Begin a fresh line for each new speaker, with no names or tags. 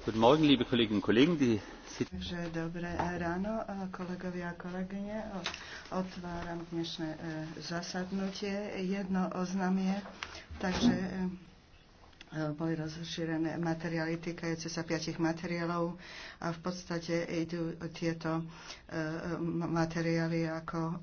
Takže
dobré eh, ráno, eh, kolegovia a kolegyne. Otváram dnešné eh, zasadnutie. Jedno oznamie, takže boli rozšírené materiály týkajúce sa piatich materiálov a v podstate idú tieto materiály ako